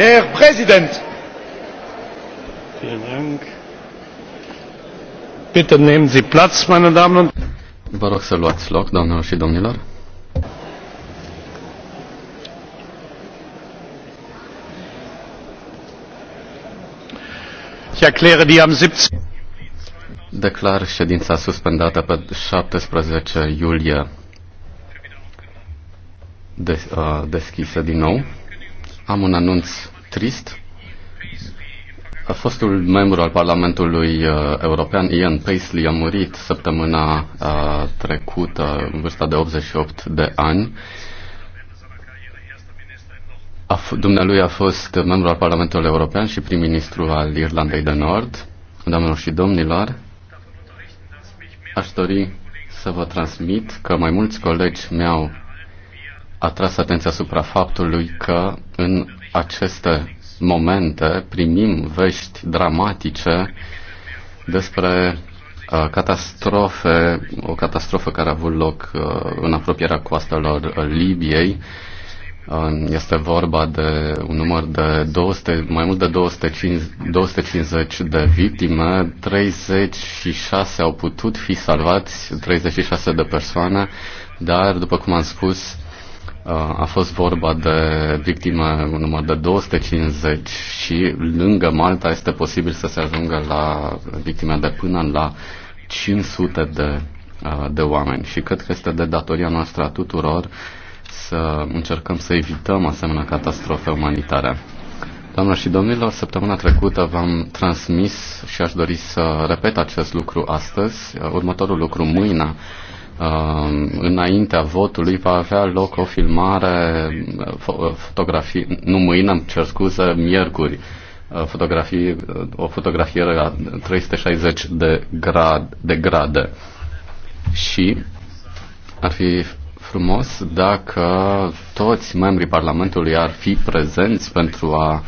Herr Präsident! Vielen Dank. Bitte nehmen Sie Platz, meine Damen und Vă rog să luați loc, doamnelor și domnilor. Ich erkläre die am 17. Declar ședința suspendată pe 17 iulie de, uh, deschisă din nou. Am un anunț trist. A fostul membru al Parlamentului uh, European, Ian Paisley, a murit săptămâna uh, trecută, în vârsta de 88 de ani. A dumnealui a fost membru al Parlamentului European și prim-ministru al Irlandei de Nord. Doamnelor și domnilor, aș dori să vă transmit că mai mulți colegi mi-au a tras atenția asupra faptului că în aceste momente primim vești dramatice despre uh, catastrofe, o catastrofă care a avut loc uh, în apropierea coastelor uh, Libiei. Este vorba de un număr de 200, mai mult de 250, 250 de victime, 36 au putut fi salvați, 36 de persoane, dar, după cum am spus, a fost vorba de victime în număr de 250 și lângă Malta este posibil să se ajungă la victime de până la 500 de, de oameni. Și cred că este de datoria noastră a tuturor să încercăm să evităm asemenea catastrofe umanitare. Doamnelor și domnilor, săptămâna trecută v-am transmis și aș dori să repet acest lucru astăzi. Următorul lucru, mâine, Um, înaintea votului va avea loc o filmare, uh, uh, fotografii, nu mâine, îmi cer scuze, miercuri, uh, fotografii, o fotografie la 360 de, grad, de grade. Și ar fi frumos dacă toți membrii Parlamentului ar fi prezenți pentru a